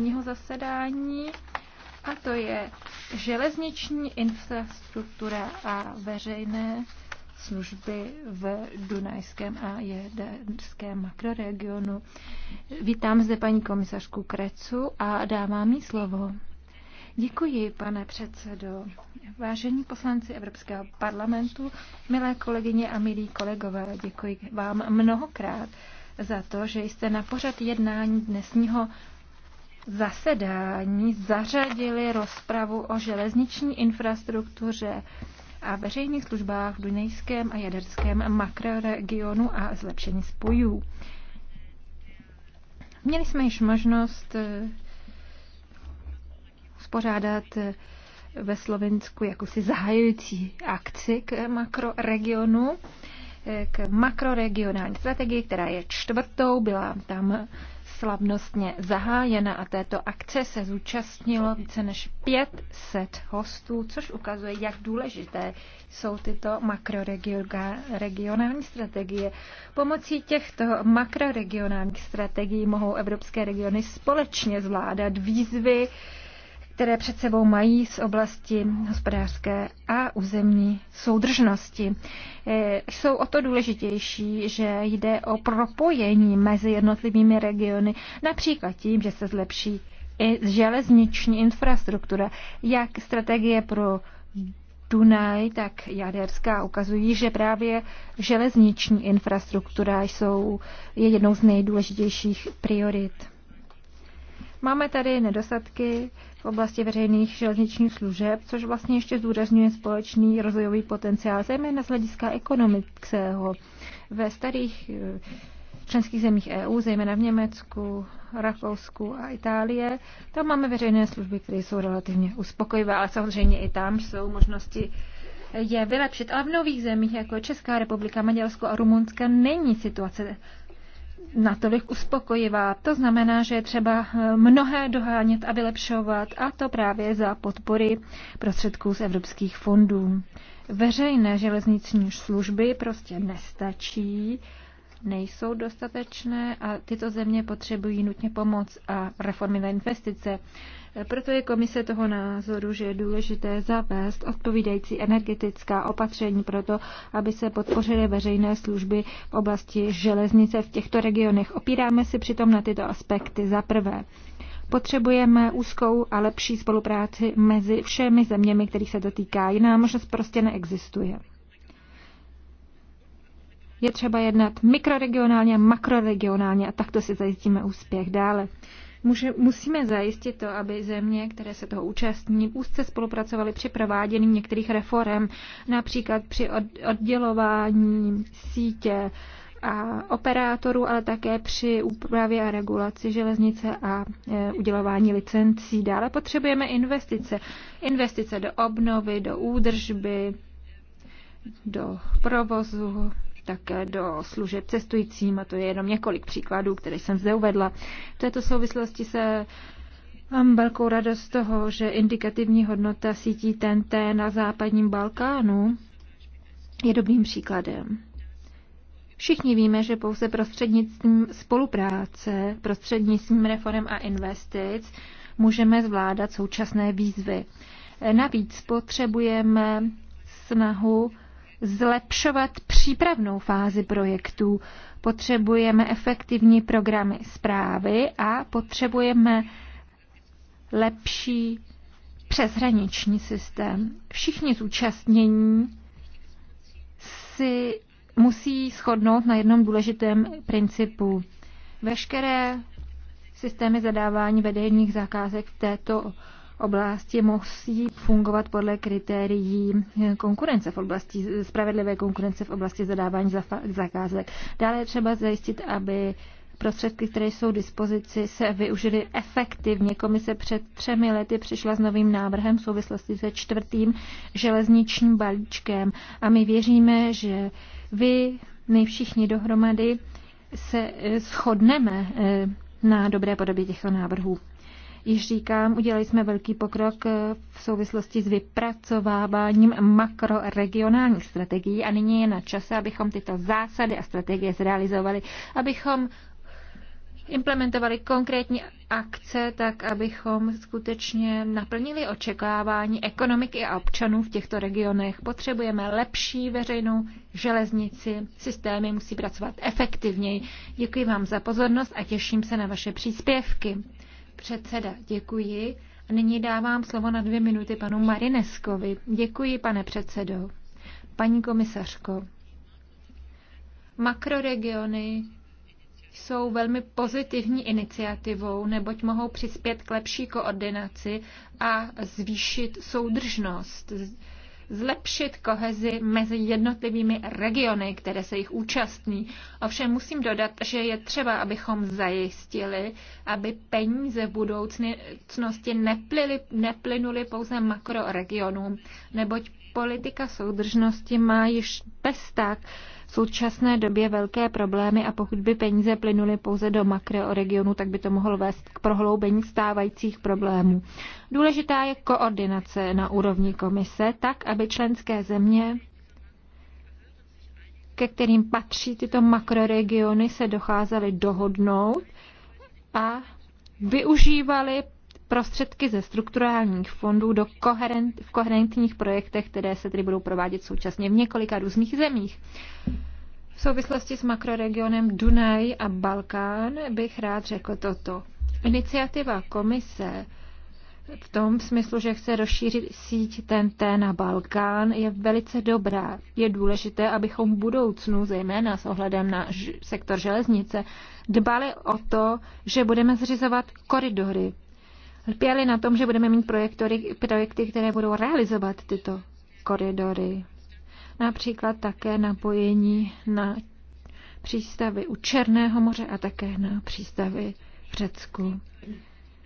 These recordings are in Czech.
dnešního zasedání a to je železniční infrastruktura a veřejné služby v Dunajském a Jederském makroregionu. Vítám zde paní komisařku Krecu a dávám jí slovo. Děkuji, pane předsedo. Vážení poslanci Evropského parlamentu, milé kolegyně a milí kolegové, děkuji vám mnohokrát za to, že jste na pořad jednání dnesního zasedání zařadili rozpravu o železniční infrastruktuře a veřejných službách v Dunajském a Jaderském makroregionu a zlepšení spojů. Měli jsme již možnost eh, spořádat eh, ve Slovensku jakousi zahajující akci k makroregionu, eh, k makroregionální strategii, která je čtvrtou, byla tam slavnostně zahájena a této akce se zúčastnilo více než 500 hostů, což ukazuje, jak důležité jsou tyto makroregionální strategie. Pomocí těchto makroregionálních strategií mohou evropské regiony společně zvládat výzvy, které před sebou mají z oblasti hospodářské a územní soudržnosti. E, jsou o to důležitější, že jde o propojení mezi jednotlivými regiony, například tím, že se zlepší i železniční infrastruktura, jak strategie pro Dunaj, tak Jaderská ukazují, že právě železniční infrastruktura jsou, je jednou z nejdůležitějších priorit. Máme tady nedostatky v oblasti veřejných železničních služeb, což vlastně ještě zdůrazňuje společný rozvojový potenciál, zejména z hlediska ekonomického. Ve starých eh, členských zemích EU, zejména v Německu, Rakousku a Itálie. Tam máme veřejné služby, které jsou relativně uspokojivé, ale samozřejmě i tam jsou možnosti je vylepšit. Ale v nových zemích, jako Česká republika, Maďarsko a Rumunska, není situace natolik uspokojivá. To znamená, že je třeba eh, mnohé dohánět a vylepšovat, a to právě za podpory prostředků z evropských fondů. Veřejné železniční služby prostě nestačí nejsou dostatečné a tyto země potřebují nutně pomoc a reformy na investice. Proto je komise toho názoru, že je důležité zavést odpovídající energetická opatření pro to, aby se podpořily veřejné služby v oblasti železnice v těchto regionech. Opíráme se přitom na tyto aspekty. Za prvé, Potřebujeme úzkou a lepší spolupráci mezi všemi zeměmi, kterých se dotýká. Jiná možnost prostě neexistuje. Je třeba jednat mikroregionálně a makroregionálně a takto si zajistíme úspěch dále. Může, musíme zajistit to, aby země, které se toho účastní, úzce spolupracovaly při provádění některých reform, například při oddělování sítě a operátorů, ale také při úpravě a regulaci železnice a e, udělování licencí. Dále potřebujeme investice. Investice do obnovy, do údržby, do provozu, také do služeb cestujícím, a to je jenom několik příkladů, které jsem zde uvedla. V této souvislosti se Mám velkou radost z toho, že indikativní hodnota sítí TNT na západním Balkánu je dobrým příkladem. Všichni víme, že pouze prostřednictvím spolupráce, prostřednictvím reform a investic můžeme zvládat současné výzvy. Navíc potřebujeme snahu zlepšovat přípravnou fázi projektů. Potřebujeme efektivní programy zprávy a potřebujeme lepší přeshraniční systém. Všichni zúčastnění si musí shodnout na jednom důležitém principu. Veškeré systémy zadávání veřejných zakázek v této oblasti musí fungovat podle kritérií konkurence v oblasti, spravedlivé konkurence v oblasti zadávání zakázek. Dále je třeba zajistit, aby prostředky, které jsou dispozici, se využily efektivně. Komise před třemi lety přišla s novým návrhem v souvislosti se čtvrtým železničním balíčkem a my věříme, že vy, my všichni dohromady, se eh, shodneme eh, na dobré podobě těchto návrhů. Již říkám, udělali jsme velký pokrok eh, v souvislosti s vypracováváním makroregionálních strategií a nyní je na čase, abychom tyto zásady a strategie zrealizovali, abychom implementovali konkrétní akce, tak abychom skutečně naplnili očekávání ekonomiky a občanů v těchto regionech. Potřebujeme lepší veřejnou železnici, systémy musí pracovat efektivněji. Děkuji vám za pozornost a těším se na vaše příspěvky. Předseda, děkuji. A nyní dávám slovo na dvě minuty panu Marineskovi. Děkuji, pane předsedo. Paní komisařko, makroregiony jsou velmi pozitivní iniciativou, neboť mohou přispět k lepší koordinaci a zvýšit soudržnost zlepšit kohezi mezi jednotlivými regiony, které se jich účastní. Ovšem musím dodat, že je třeba, abychom zajistili, aby peníze v budoucnosti neplily, neplynuly pouze makroregionům, neboť politika soudržnosti má již bez tak v současné době velké problémy a pokud by peníze plynuly pouze do makroregionu, tak by to mohlo vést k prohloubení stávajících problémů. Důležitá je koordinace na úrovni komise, tak aby členské země ke kterým patří tyto makroregiony, se docházely dohodnout a využívali prostředky ze strukturálních fondů do koherent, v koherentních projektech, které se tedy budou provádět současně v několika různých zemích. V souvislosti s makroregionem Dunaj a Balkán bych rád řekl toto. Iniciativa komise v tom smyslu, že chce rozšířit síť TNT na Balkán, je velice dobrá. Je důležité, abychom v budoucnu, zejména s ohledem na sektor železnice, dbali o to, že budeme zřizovat koridory lpěli na tom, že budeme mít projektory, projekty, které budou realizovat tyto koridory. Například také napojení na přístavy u Černého moře a také na přístavy v Řecku.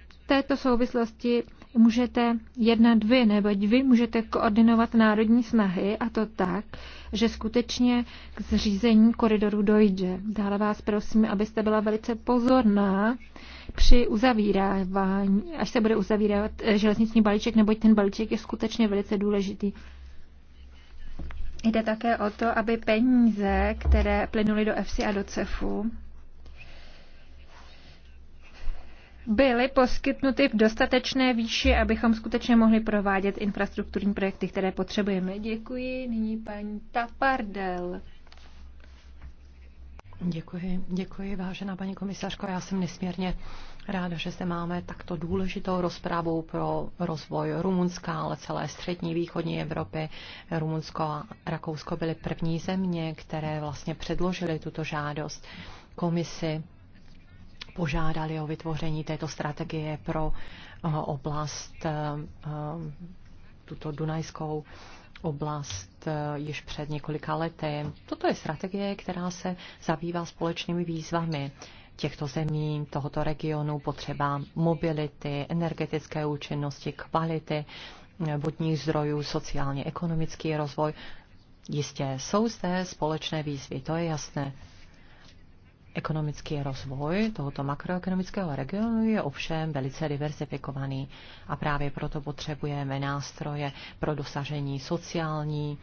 V této souvislosti můžete jednat vy, neboť vy můžete koordinovat národní snahy a to tak, že skutečně k zřízení koridoru dojde. Dále vás prosím, abyste byla velice pozorná při uzavírávání, až se bude uzavírat eh, železniční balíček, neboť ten balíček je skutečně velice důležitý. Jde také o to, aby peníze, které plynuly do EFSI a do CEFu, byly poskytnuty v dostatečné výši, abychom skutečně mohli provádět infrastrukturní projekty, které potřebujeme. Děkuji. Nyní paní Tapardel. Děkuji, děkuji, vážená paní komisařko. Já jsem nesmírně ráda, že zde máme takto důležitou rozpravu pro rozvoj Rumunska, ale celé střední východní Evropy. Rumunsko a Rakousko byly první země, které vlastně předložily tuto žádost komisi požádali o vytvoření této strategie pro eh, oblast eh, eh, tuto Dunajskou oblast eh, již před několika lety. Toto je strategie, která se zabývá společnými výzvami těchto zemí, tohoto regionu, potřeba mobility, energetické účinnosti, kvality eh, vodních zdrojů, sociálně-ekonomický rozvoj. Jistě jsou zde společné výzvy, to je jasné. Ekonomický rozvoj tohoto makroekonomického regionu je ovšem velice diversifikovaný a právě proto potřebujeme nástroje pro dosažení sociální,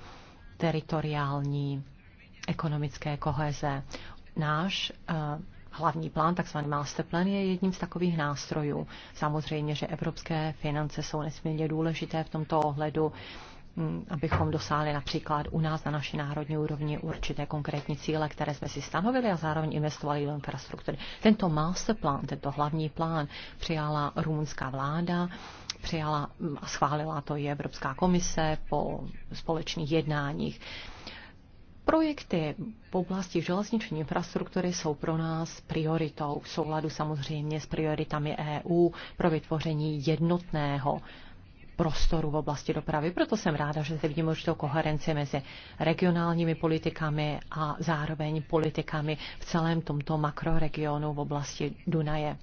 teritoriální, ekonomické koheze. Náš eh, Hlavní plán, takzvaný Plan, je jedním z takových nástrojů. Samozřejmě, že evropské finance jsou nesmírně důležité v tomto ohledu. Mm, abychom dosáhli například u nás na naší národní úrovni určité konkrétní cíle, které jsme si stanovili a zároveň investovali do infrastruktury. Tento masterplan, tento hlavní plán přijala rumunská vláda, přijala mm, a schválila to i Evropská komise po společných jednáních. Projekty v oblasti železniční infrastruktury jsou pro nás prioritou, v souladu samozřejmě s prioritami EU pro vytvoření jednotného prostoru v oblasti dopravy. Proto jsem ráda, že se vidím určitou koherenci mezi regionálními politikami a zároveň politikami v celém tomto makroregionu v oblasti Dunaje.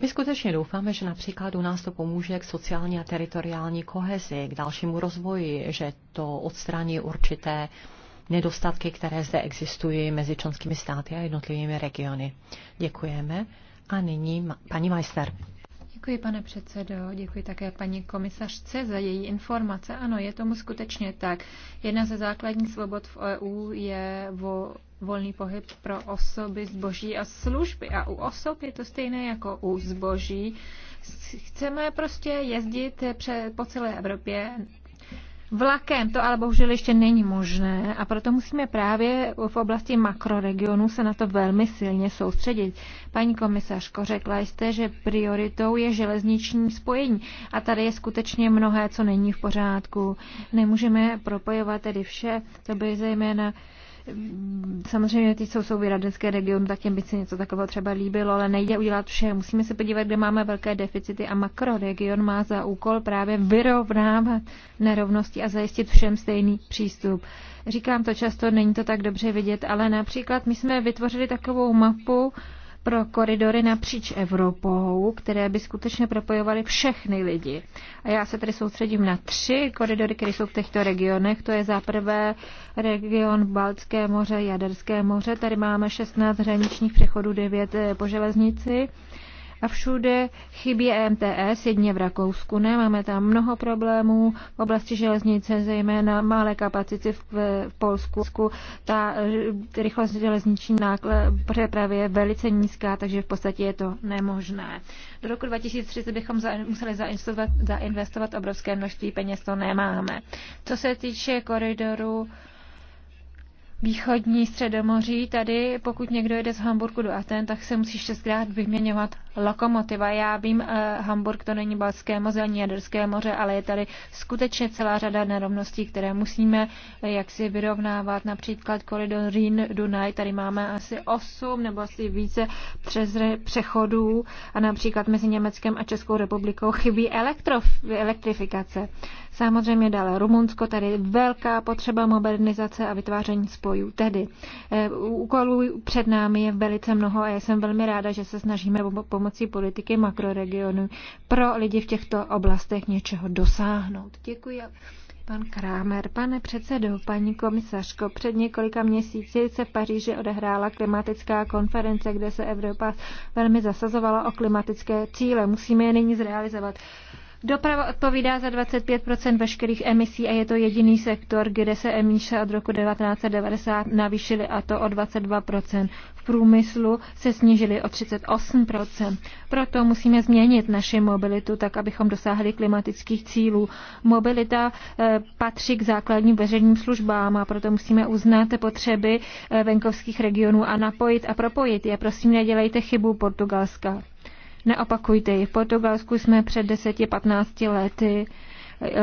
My skutečně doufáme, že například u nás to pomůže k sociální a teritoriální kohezi, k dalšímu rozvoji, že to odstraní určité nedostatky, které zde existují mezi členskými státy a jednotlivými regiony. Děkujeme. A nyní paní Majster. Děkuji, pane předsedo, děkuji také paní komisařce za její informace. Ano, je tomu skutečně tak. Jedna ze základních svobod v EU je vo, volný pohyb pro osoby, zboží a služby. A u osob je to stejné jako u zboží. Chceme prostě jezdit pře, po celé Evropě vlakem. To ale bohužel ještě není možné a proto musíme právě v oblasti makroregionu se na to velmi silně soustředit. Paní komisařko, řekla jste, že prioritou je železniční spojení a tady je skutečně mnohé, co není v pořádku. Nemůžeme propojovat tedy vše, to by zejména Mm, samozřejmě ty, co jsou vyradecké regiony, tak těm by se něco takového třeba líbilo, ale nejde udělat vše. Musíme se podívat, kde máme velké deficity a makroregion má za úkol právě vyrovnávat nerovnosti a zajistit všem stejný přístup. Říkám to často, není to tak dobře vidět, ale například my jsme vytvořili takovou mapu, pro koridory napříč Evropou, které by skutečně propojovaly všechny lidi. A já se tady soustředím na tři koridory, které jsou v těchto regionech. To je za prvé region Baltské moře, Jaderské moře. Tady máme 16 hraničních přechodů, 9 eh, po železnici a všude chybí e MTS, jedně v Rakousku ne, máme tam mnoho problémů v oblasti železnice, zejména malé kapacity v, v Polsku. Ta eh, rychlost železniční přepravy je velice nízká, takže v podstatě je to nemožné. Do roku 2030 bychom za, museli zainvestovat, zainvestovat obrovské množství peněz, to nemáme. Co se týče koridoru, východní středomoří, tady pokud někdo jede z Hamburgu do Aten, tak se musí šestkrát vyměňovat lokomotiva. Já vím, eh, Hamburg to není Balské moře ani Jaderské moře, ale je tady skutečně celá řada nerovností, které musíme eh, jaksi vyrovnávat. Například koridor Rýn-Dunaj, tady máme asi 8 nebo asi více přes přechodů a například mezi Německem a Českou republikou chybí Eh, Samozřejmě dále Rumunsko, tady velká potřeba modernizace a vytváření spojů. Tedy eh, úkolů před námi je velice mnoho a já jsem velmi ráda, že se snažíme pomocí politiky makroregionu pro lidi v těchto oblastech něčeho dosáhnout. Děkuji. Pan Krámer, pane předsedo, paní komisařko, před několika měsíci se v Paříži odehrála klimatická konference, kde se Evropa velmi zasazovala o klimatické cíle. Musíme je nyní zrealizovat. Doprava odpovídá za 25 veškerých emisí a je to jediný sektor, kde se emise od roku 1990 navýšily a to o 22 V průmyslu se snížily o 38 Proto musíme změnit naši mobilitu tak, abychom dosáhli klimatických cílů. Mobilita eh, patří k základním veřejným službám a proto musíme uznat potřeby eh, venkovských regionů a napojit a propojit je. Prosím, nedělejte chybu Portugalska. Neopakujte ji. V Portugalsku jsme před 10-15 lety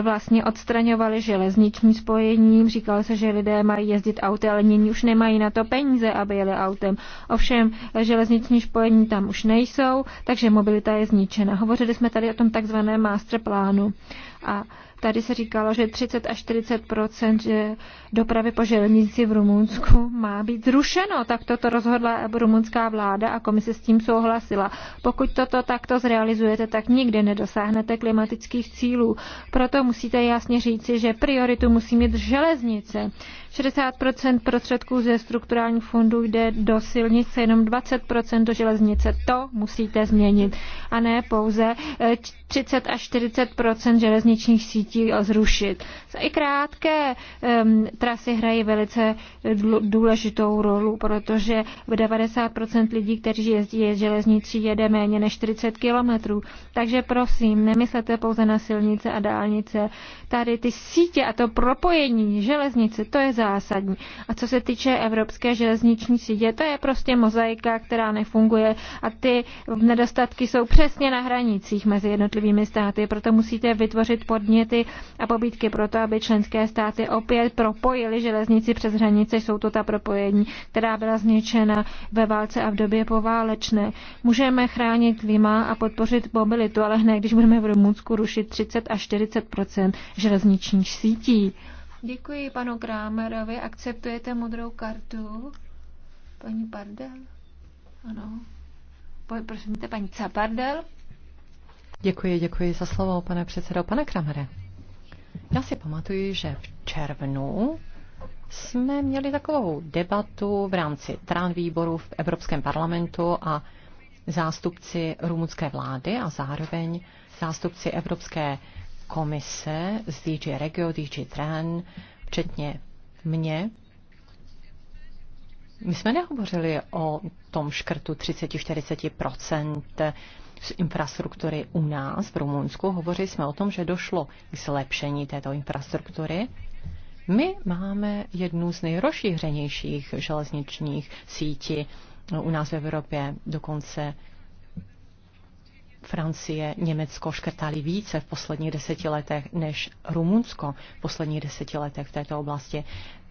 vlastně odstraňovali železniční spojení. Říkal se, že lidé mají jezdit auty, ale nyní už nemají na to peníze, aby jeli autem. Ovšem, železniční spojení tam už nejsou, takže mobilita je zničena. Hovořili jsme tady o tom takzvaném masterplánu. A Tady se říkalo, že 30 až 40 že dopravy po železnici v Rumunsku má být zrušeno. Tak toto rozhodla rumunská vláda a komise s tím souhlasila. Pokud toto takto zrealizujete, tak nikdy nedosáhnete klimatických cílů. Proto musíte jasně říci, že prioritu musí mít železnice. 60 prostředků ze strukturálních fondů jde do silnice, jenom 20 do železnice. To musíte změnit. A ne pouze 30 eh, až 40 železničních sítí zrušit. I krátké um, trasy hrají velice důležitou rolu, protože v 90 lidí, kteří jezdí je železnicí, jede méně než 40 kilometrů. Takže prosím, nemyslete pouze na silnice a dálnice. Tady ty sítě a to propojení železnice, to je zásadní. A co se týče evropské železniční sítě, to je prostě mozaika, která nefunguje a ty nedostatky jsou přesně na hranicích mezi jednotlivými státy, proto musíte vytvořit podněty a pobídky pro to, aby členské státy opět propojily železnici přes hranice, jsou to ta propojení, která byla zničena ve válce a v době poválečné. Můžeme chránit klima a podpořit mobilitu, ale hned, když budeme v Rumunsku rušit 30 až 40 železničních sítí. Děkuji panu Krámerovi. Akceptujete modrou kartu? Paní Pardel? Ano. Prosím, paní Capardel? Děkuji, děkuji za slovo, pane předsedo. Pane Kramere, já si pamatuju, že v červnu jsme měli takovou debatu v rámci trán výboru v Evropském parlamentu a zástupci rumunské vlády a zároveň zástupci Evropské komise z DG Regio, DG Tran, včetně mě, my jsme nehovořili o tom škrtu 30-40 z infrastruktury u nás v Rumunsku. Hovořili jsme o tom, že došlo k zlepšení této infrastruktury. My máme jednu z nejrozšířenějších železničních sítí u nás v Evropě. Dokonce Francie, Německo škrtali více v posledních deseti letech než Rumunsko v posledních deseti letech v této oblasti.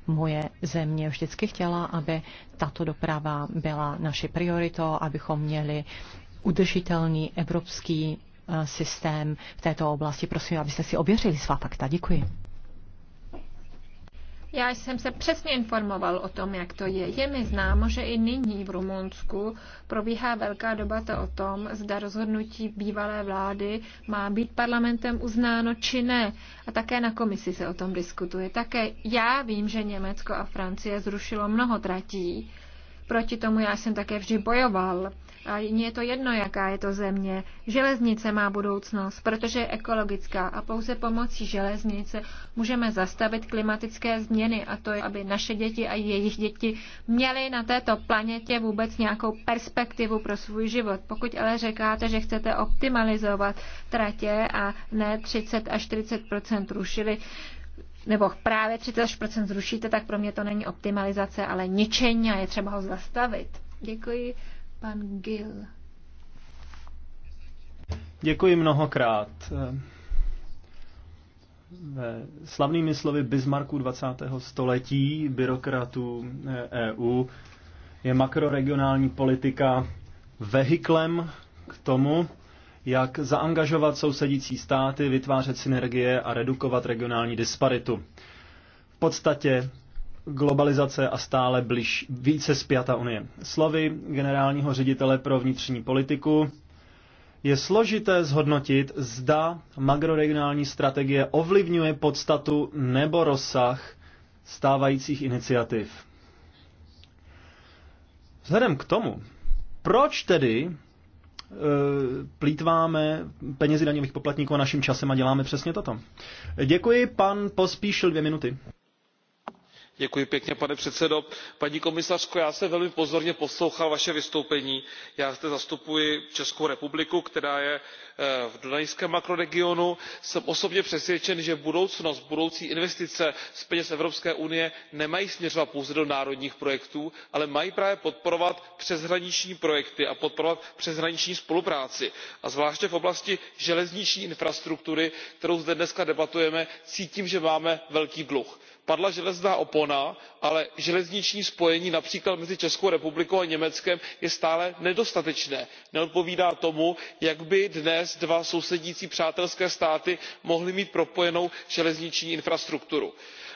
Moje země vždycky chtěla, aby tato doprava byla naší prioritou, abychom měli udržitelný evropský eh, systém v této oblasti. Prosím, abyste si ověřili svá fakta. Děkuji. Já jsem se přesně informoval o tom, jak to je. Je mi známo, že i nyní v Rumunsku probíhá velká debata o tom, zda rozhodnutí bývalé vlády má být parlamentem uznáno či ne. A také na komisi se o tom diskutuje. Také já vím, že Německo a Francie zrušilo mnoho tratí, Proti tomu já jsem také vždy bojoval. A mně je to jedno, jaká je to země. Železnice má budoucnost, protože je ekologická a pouze pomocí železnice můžeme zastavit klimatické změny a to, je, aby naše děti a jejich děti měly na této planetě vůbec nějakou perspektivu pro svůj život. Pokud ale říkáte, že chcete optimalizovat tratě a ne 30 až 40 rušili, nebo právě 30% zrušíte, tak pro mě to není optimalizace, ale ničení a je třeba ho zastavit. Děkuji, pan Gil. Děkuji mnohokrát. Ve slavnými slovy Bismarcku 20. století byrokratů EU je makroregionální politika vehiklem k tomu, jak zaangažovat sousedící státy, vytvářet synergie a redukovat regionální disparitu. V podstatě globalizace a stále blíž více spjata Unie. Slovy generálního ředitele pro vnitřní politiku je složité zhodnotit, zda makroregionální strategie ovlivňuje podstatu nebo rozsah stávajících iniciativ. Vzhledem k tomu, proč tedy Eh, plítváme penězi daňových poplatníků a naším časem a děláme přesně toto. Děkuji, pan Pospíšil dvě minuty pane předsedající paní komisařko já jsem velmi pozorně poslouchal vaše vystoupení. já zde zastupuji českou republiku která je eh, v dunajském makroregionu. jsem osobně přesvědčen že budoucnost budoucí investice z peněz evropské unie nemají směřovat pouze do národních projektů ale mají právě podporovat přeshraniční projekty a podporovat přeshraniční spolupráci. a zvláště v oblasti železniční infrastruktury kterou zde dnes debatujeme cítím že máme velký dluh padla železná opona ale železniční spojení například mezi českou republikou a německem je stále nedostatečné neodpovídá tomu jak by dnes dva sousedící přátelské státy mohly mít propojenou železniční infrastrukturu.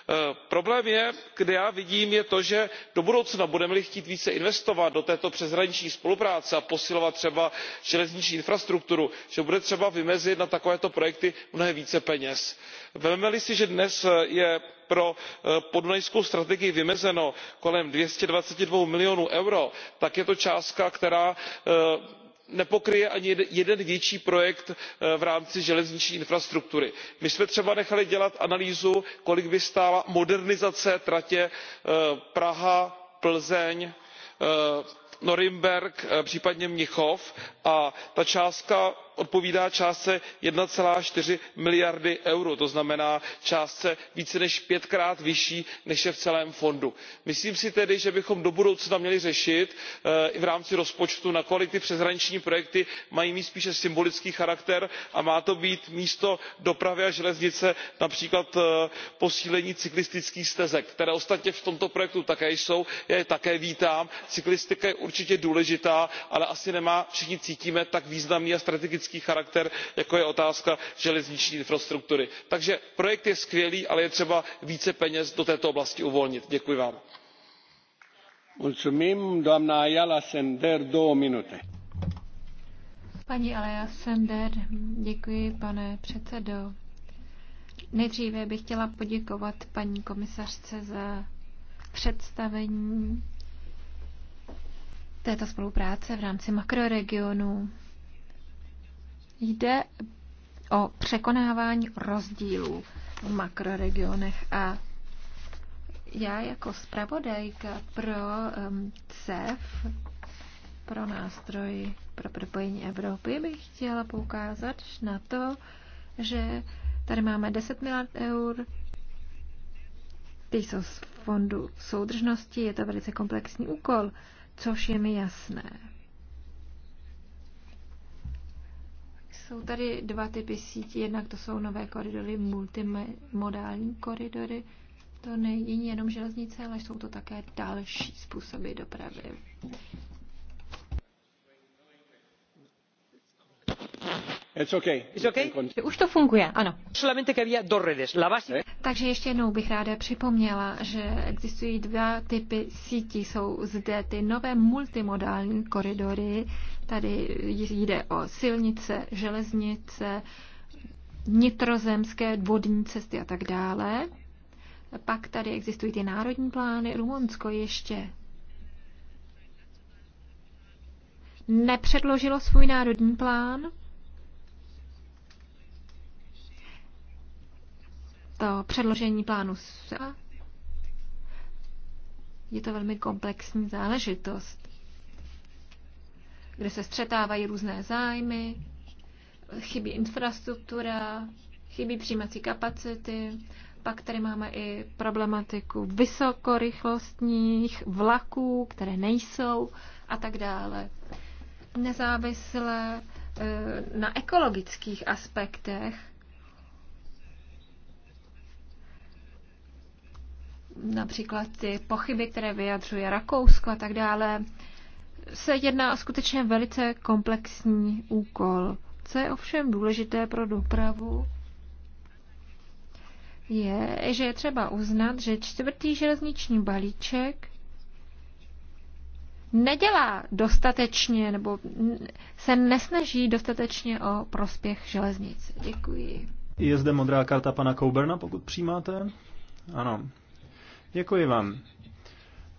Eh, problém který já vidím je to že do budoucna budeme li chtít více investovat do této přeshraniční spolupráce a posilovat třeba železniční infrastrukturu že bude třeba vymezit na takovéto projekty mnohem více peněz. vezmeme li si že dnes eh, je pro eh, podunajskou strategii vymezeno kolem two hundred and twenty two milionů eur tak je to částka která nepokryje ani jeden větší projekt eh, v rámci železniční infrastruktury. my jsme třeba nechali dělat analýzu kolik by stála modernizace tratě eh, praha plzeň eh, norimberk případně mnichov a ta částka odpovídá částce one four miliardy eur to znamená částce více než pětkrát vyšší než je v celém fondu. myslím si tedy že bychom do budoucna měli řešit eh, i v rámci rozpočtu nakolik ty přeshraniční projekty mají mít spíše symbolický charakter a má to být místo dopravy a železnice například eh, posílení cyklistických stezek které ostatně v tomto projektu také jsou já je také vítám. cyklistika je určitě důležitá ale asi nemá všichni cítíme tak významný a strategický strategický charakter jako je otázka železniční infrastruktury. takže projekt je skvělý ale je třeba více peněz do této oblasti uvolnit. děkuji vám. Paní Alea děkuji pane předsedo. Nejdříve bych chtěla poděkovat paní komisařce za představení této spolupráce v rámci makroregionu. Jde o překonávání rozdílů v makroregionech a já jako zpravodajka pro um, CEF, pro nástroj pro propojení Evropy, bych chtěla poukázat na to, že tady máme 10 miliard eur, ty jsou z fondu soudržnosti, je to velice komplexní úkol, což je mi jasné. Jsou tady dva typy sítí, jednak to jsou nové koridory, multimodální koridory. To není jenom železnice, ale jsou to také další způsoby dopravy. It's okay. It's okay. Už to funguje, ano. Takže ještě jednou bych ráda připomněla, že existují dva typy sítí. Jsou zde ty nové multimodální koridory, Tady jde o silnice, železnice, nitrozemské vodní cesty a tak dále. Pak tady existují ty národní plány. Rumunsko ještě nepředložilo svůj národní plán. To předložení plánu je to velmi komplexní záležitost kde se střetávají různé zájmy, chybí infrastruktura, chybí přijímací kapacity, pak tady máme i problematiku vysokorychlostních vlaků, které nejsou a tak dále. Nezávisle eh, na ekologických aspektech například ty pochyby, které vyjadřuje Rakousko a tak dále, se jedná o skutečně velice komplexní úkol. Co je ovšem důležité pro dopravu, je, že je třeba uznat, že čtvrtý železniční balíček nedělá dostatečně nebo se nesnaží dostatečně o prospěch železnic. Děkuji. Je zde modrá karta pana Kouberna, pokud přijímáte? Ano. Děkuji vám.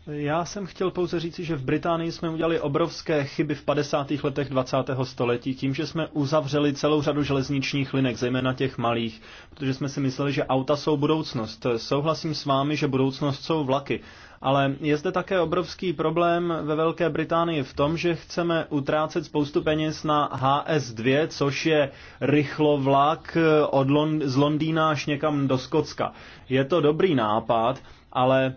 Já jsem chtěl pouze říci, že v Británii jsme udělali obrovské chyby v 50. letech 20. století tím, že jsme uzavřeli celou řadu železničních linek, zejména těch malých, protože jsme si mysleli, že auta jsou budoucnost. Souhlasím s vámi, že budoucnost jsou vlaky. Ale je zde také obrovský problém ve Velké Británii v tom, že chceme utrácet spoustu peněz na HS2, což je rychlovlak eh, od Lond- z Londýna až někam do Skotska. Je to dobrý nápad, ale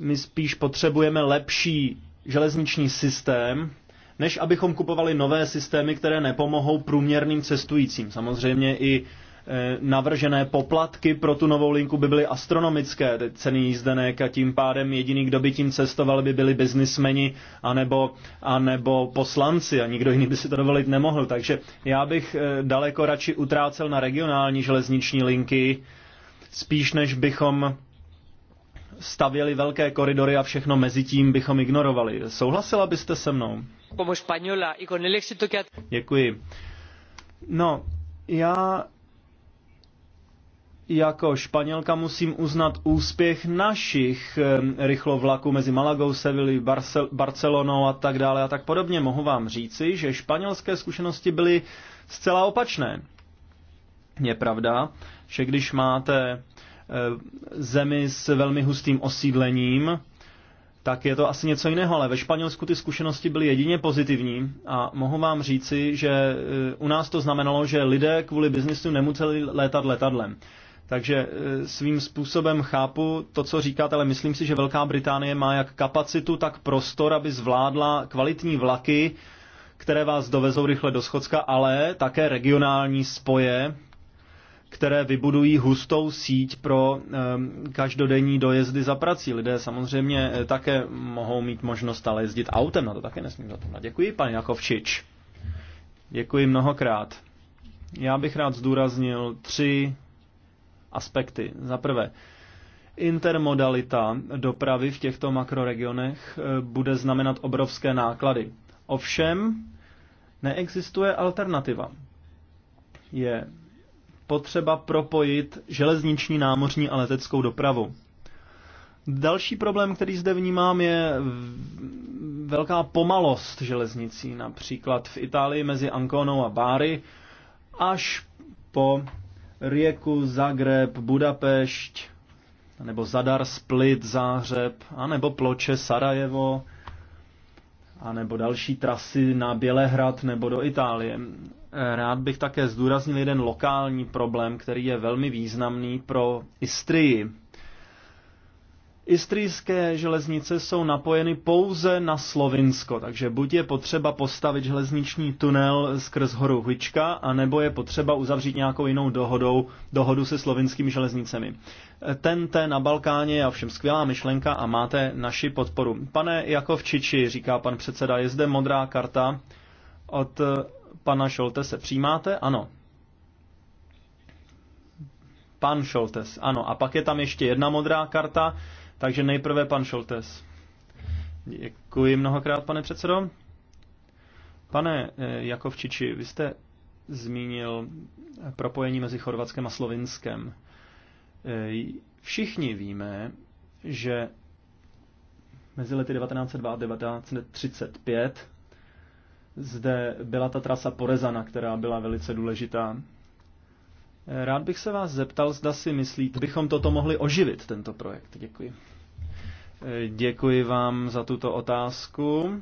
my spíš potřebujeme lepší železniční systém, než abychom kupovali nové systémy, které nepomohou průměrným cestujícím. Samozřejmě i e, navržené poplatky pro tu novou linku by byly astronomické, ceny jízdenek a tím pádem jediný, kdo by tím cestoval, by byli biznismeni anebo, anebo poslanci a nikdo jiný by si to dovolit nemohl. Takže já bych e, daleko radši utrácel na regionální železniční linky, spíš než bychom stavěli velké koridory a všechno mezi tím bychom ignorovali. Souhlasila byste se mnou? Děkuji. No, já jako Španělka musím uznat úspěch našich eh, rychlovlaků mezi Malagou, Sevilly, Barcel- Barcelonou a tak dále a tak podobně. Mohu vám říci, že španělské zkušenosti byly zcela opačné. Je pravda, že když máte Eh, zemi s velmi hustým osídlením, tak je to asi něco jiného, ale ve Španělsku ty zkušenosti byly jedině pozitivní a mohu vám říci, že eh, u nás to znamenalo, že lidé kvůli biznisu nemuseli létat letadlem. Takže eh, svým způsobem chápu to, co říkáte, ale myslím si, že Velká Británie má jak kapacitu, tak prostor, aby zvládla kvalitní vlaky, které vás dovezou rychle do Schocka, ale také regionální spoje, které vybudují hustou síť pro ehm, každodenní dojezdy za prací. Lidé samozřejmě eh, také mohou mít možnost ale jezdit autem, na to také nesmím zapomínat. No, děkuji, pan Jakovčič. Děkuji mnohokrát. Já bych rád zdůraznil tři aspekty. Za prvé, intermodalita dopravy v těchto makroregionech eh, bude znamenat obrovské náklady. Ovšem, neexistuje alternativa. Je potřeba propojit železniční, námořní a leteckou dopravu. Další problém, který zde vnímám, je velká pomalost železnicí, například v Itálii mezi Anconou a Bari až po Rieku, Zagreb, Budapešť, nebo Zadar, Split, Záhřeb, anebo Ploče, Sarajevo, anebo další trasy na Bělehrad nebo do Itálie. Rád bych také zdůraznil jeden lokální problém, který je velmi významný pro Istrii. Istrijské železnice jsou napojeny pouze na Slovinsko, takže buď je potřeba postavit železniční tunel skrz horu Hvička, anebo je potřeba uzavřít nějakou jinou dohodou, dohodu se slovinskými železnicemi. Ten té na Balkáně je ovšem skvělá myšlenka a máte naši podporu. Pane Jakovčiči, říká pan předseda, je zde modrá karta od pana Šolte se přijímáte? Ano. Pan Šoltes, ano. A pak je tam ještě jedna modrá karta, takže nejprve pan Šoltes. Děkuji mnohokrát, pane předsedo. Pane eh, Jakovčiči, vy jste zmínil propojení mezi Chorvatskem a Slovinskem. Eh, všichni víme, že mezi lety 1902 a 1935 zde byla ta trasa Porezana, která byla velice důležitá. Rád bych se vás zeptal, zda si myslíte, bychom toto mohli oživit, tento projekt. Děkuji. Děkuji vám za tuto otázku.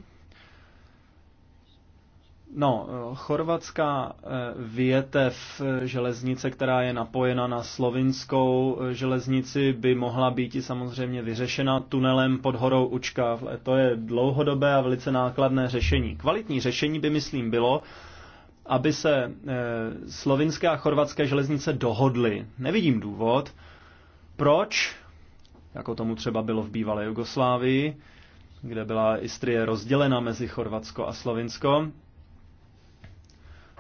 No, chorvatská eh, větev eh, železnice, která je napojena na slovinskou eh, železnici, by mohla být i samozřejmě vyřešena tunelem pod horou Učka. To je dlouhodobé a velice nákladné řešení. Kvalitní řešení by, myslím, bylo, aby se slovinské a chorvatské železnice dohodly. Nevidím důvod, proč, jako tomu třeba bylo v bývalé Jugoslávii, kde byla Istrie rozdělena mezi Chorvatsko a Slovinsko,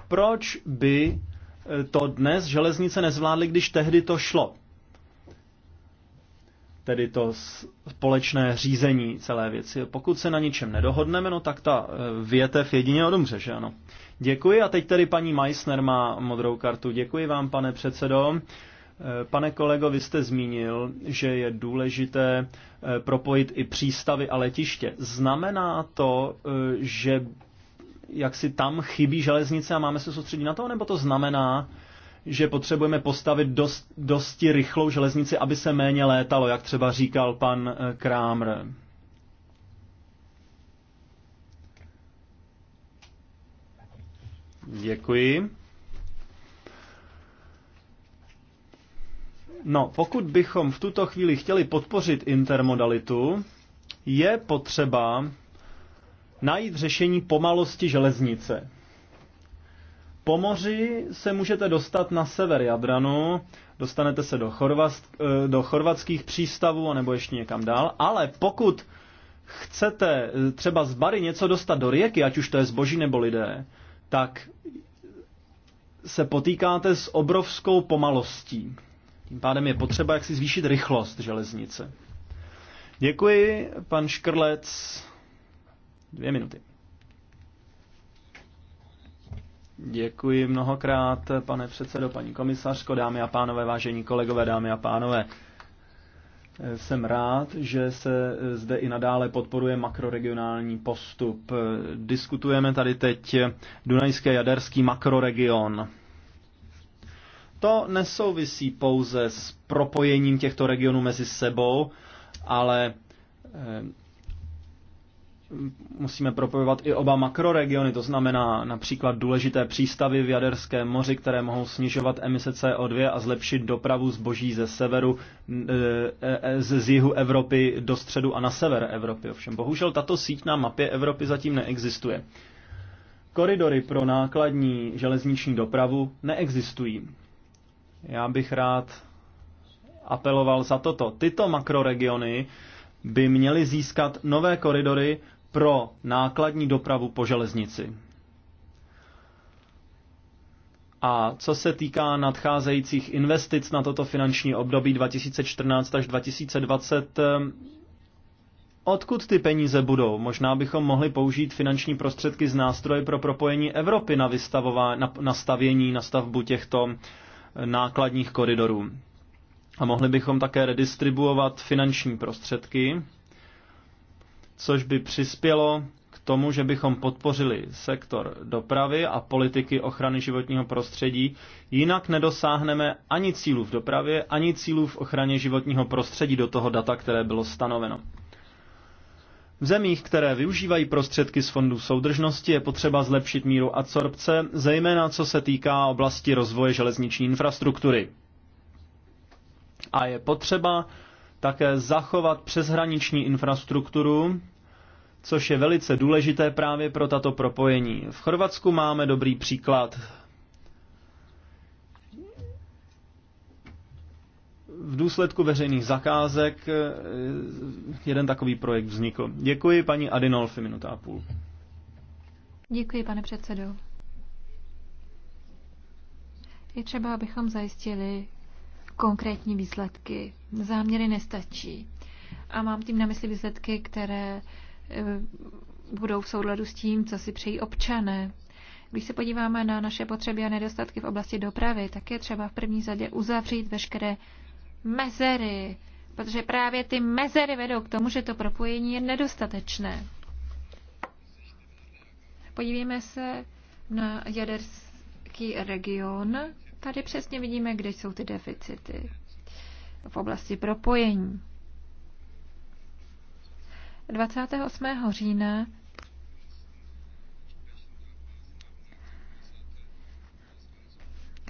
proč by eh, to dnes železnice nezvládly, když tehdy to šlo? Tedy to společné řízení celé věci. Pokud se na ničem nedohodneme, no tak ta eh, větev jedině odumře, že ano? Děkuji a teď tedy paní Meissner má modrou kartu. Děkuji vám, pane předsedo. Eh, pane kolego, vy jste zmínil, že je důležité propojit i přístavy a letiště. Znamená to, že jak si tam chybí železnice a máme se soustředit na to, nebo to znamená, že potřebujeme postavit dost, dosti rychlou železnici, aby se méně létalo, jak třeba říkal pan eh, Krámr. Děkuji. No, pokud bychom v tuto chvíli chtěli podpořit intermodalitu, je potřeba najít řešení pomalosti železnice. Po moři se můžete dostat na sever Jadranu, dostanete se do, chorvat, eh, do chorvatských přístavů nebo ještě někam dál, ale pokud chcete eh, třeba z bary něco dostat do rieky, ať už to je zboží nebo lidé, tak se potýkáte s obrovskou pomalostí. Tím pádem je potřeba jaksi zvýšit rychlost železnice. Děkuji, pan Škrlec. Dvě minuty. Děkuji mnohokrát, pane předsedo, paní komisařko, dámy a pánové, vážení kolegové, dámy a pánové. Jsem rád, že se zde i nadále podporuje makroregionální postup. Diskutujeme tady teď Dunajské jaderský makroregion. To nesouvisí pouze s propojením těchto regionů mezi sebou, ale eh, musíme propojovat i oba makroregiony, to znamená například důležité přístavy v Jaderském moři, které mohou snižovat emise CO2 a zlepšit dopravu zboží ze severu, e, e, z jihu Evropy do středu a na sever Evropy. Ovšem bohužel tato síť na mapě Evropy zatím neexistuje. Koridory pro nákladní železniční dopravu neexistují. Já bych rád apeloval za toto. Tyto makroregiony by měly získat nové koridory pro nákladní dopravu po železnici. A co se týká nadcházejících investic na toto finanční období 2014 až 2020, ehm, odkud ty peníze budou? Možná bychom mohli použít finanční prostředky z nástroje pro propojení Evropy na, na, na stavění, na stavbu těchto ehm, nákladních koridorů. A mohli bychom také redistribuovat finanční prostředky což by přispělo k tomu, že bychom podpořili sektor dopravy a politiky ochrany životního prostředí, jinak nedosáhneme ani cílů v dopravě, ani cílů v ochraně životního prostředí do toho data, které bylo stanoveno. V zemích, které využívají prostředky z fondů soudržnosti, je potřeba zlepšit míru adsorpce, zejména co se týká oblasti rozvoje železniční infrastruktury. A je potřeba také zachovat přeshraniční infrastrukturu, což je velice důležité právě pro tato propojení. V Chorvatsku máme dobrý příklad. V důsledku veřejných zakázek eh, jeden takový projekt vznikl. Děkuji paní Adinolfi, minuta a půl. Děkuji, pane předsedo. Je třeba, abychom zajistili konkrétní výsledky. Záměry nestačí. A mám tím na mysli výsledky, které eh, budou v souladu s tím, co si přejí občané. Když se podíváme na naše potřeby a nedostatky v oblasti dopravy, tak je třeba v první řadě uzavřít veškeré mezery, protože právě ty mezery vedou k tomu, že to propojení je nedostatečné. Podívejme se na jaderský region, Tady přesně vidíme, kde jsou ty deficity v oblasti propojení. 28. října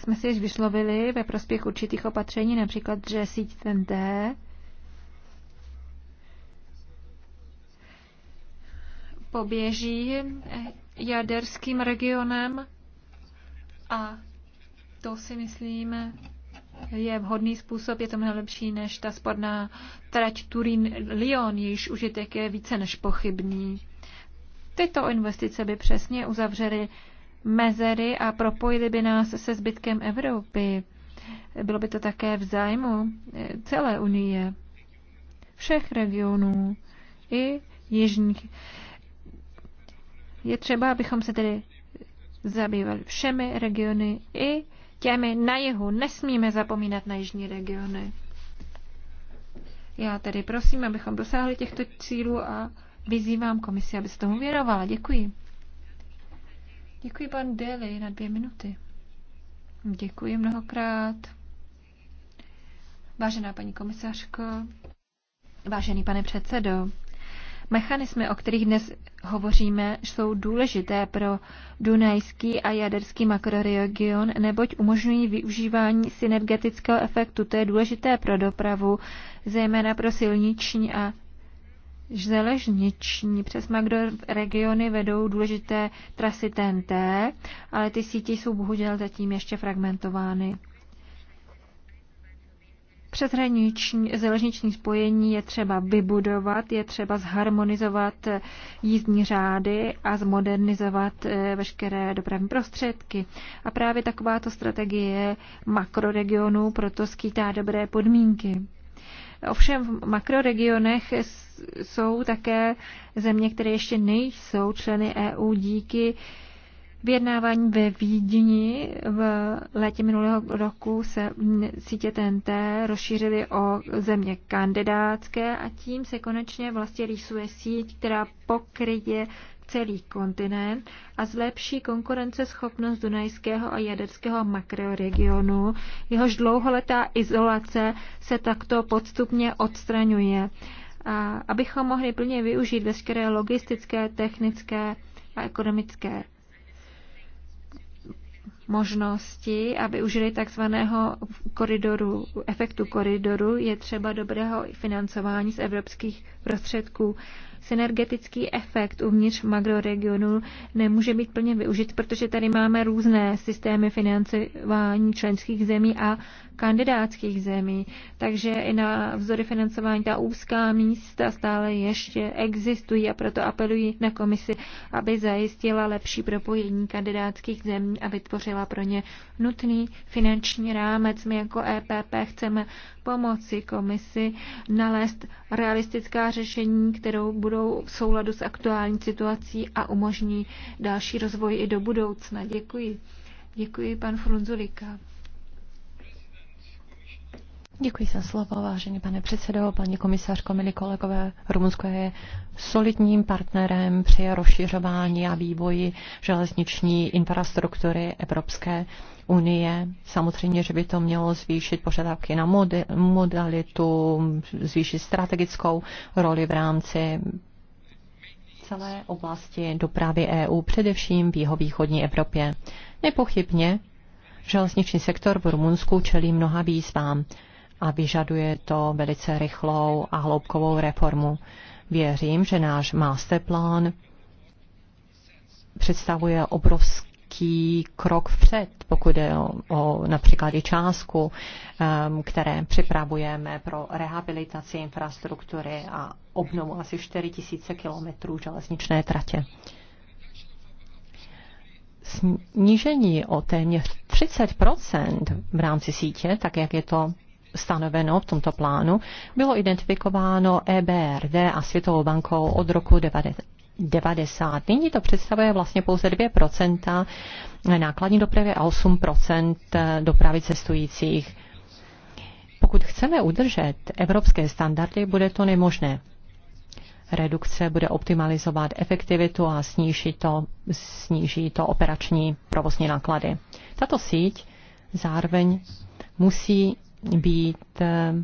jsme si již vyslovili ve prospěch určitých opatření, například, že síť TNT poběží jaderským regionem a to si myslím je vhodný způsob, je to mnohem lepší než ta sporná trať Turín-Lyon, již užitek je více než pochybný. Tyto investice by přesně uzavřely mezery a propojily by nás se zbytkem Evropy. Bylo by to také v zájmu eh, celé Unie, všech regionů i jižních. Je třeba, abychom se tedy zabývali všemi regiony i těmi na jihu. Nesmíme zapomínat na jižní regiony. Já tedy prosím, abychom dosáhli těchto cílů a vyzývám komisi, aby se tomu věnovala. Děkuji. Děkuji pan Deli na dvě minuty. Děkuji mnohokrát. Vážená paní komisařko, vážený pane předsedo, Mechanismy, o kterých dnes hovoříme, jsou důležité pro Dunajský a Jaderský makroregion, neboť umožňují využívání synergetického efektu. To je důležité pro dopravu, zejména pro silniční a železniční. Přes makroregiony vedou důležité trasy TNT, ale ty sítě jsou bohužel zatím ještě fragmentovány. Přeshraniční železniční spojení je třeba vybudovat, je třeba zharmonizovat jízdní řády a zmodernizovat eh, veškeré dopravní prostředky. A právě takováto strategie makroregionu proto skýtá dobré podmínky. Ovšem v makroregionech jsou také země, které ještě nejsou členy EU díky Vyjednávání ve Vídni v létě minulého roku se sítě TNT rozšířily o země kandidátské a tím se konečně vlastně rýsuje síť, která pokryje celý kontinent a zlepší konkurenceschopnost Dunajského a Jaderského makroregionu. Jehož dlouholetá izolace se takto postupně odstraňuje. A abychom mohli plně využít veškeré logistické, technické a ekonomické možnosti a využili takzvaného koridoru, efektu koridoru, je třeba dobrého financování z evropských prostředků synergetický efekt uvnitř makroregionu nemůže být plně využit, protože tady máme různé systémy financování členských zemí a kandidátských zemí. Takže i na vzory financování ta úzká místa stále ještě existují a proto apeluji na komisi, aby zajistila lepší propojení kandidátských zemí a vytvořila pro ně nutný finanční rámec. My jako EPP chceme pomoci komisi nalézt realistická řešení, kterou budou v souladu s aktuální situací a umožní další rozvoj i do budoucna. Děkuji. Děkuji, pan Frunzulika. Děkuji za slovo, vážený pane předsedo, paní komisařko, milí kolegové. Rumunsko je solidním partnerem při rozšiřování a vývoji železniční infrastruktury Evropské unie. Samozřejmě, že by to mělo zvýšit požadavky na modalitu, zvýšit strategickou roli v rámci celé oblasti dopravy EU, především v jihovýchodní Evropě. Nepochybně železniční sektor v Rumunsku čelí mnoha výzvám a vyžaduje to velice rychlou a hloubkovou reformu. Věřím, že náš masterplan představuje obrovský krok vpřed, pokud je o, o například i částku, um, které připravujeme pro rehabilitaci infrastruktury a obnovu asi 4 000 kilometrů železničné tratě. Snížení o téměř 30 v rámci sítě, tak jak je to stanoveno v tomto plánu, bylo identifikováno EBRD a Světovou bankou od roku 90. Nyní to představuje vlastně pouze 2 nákladní dopravy a 8 eh, dopravy cestujících. Pokud chceme udržet evropské standardy, bude to nemožné. Redukce bude optimalizovat efektivitu a sníží to, sníží to operační provozní náklady. Tato síť zároveň musí být eh,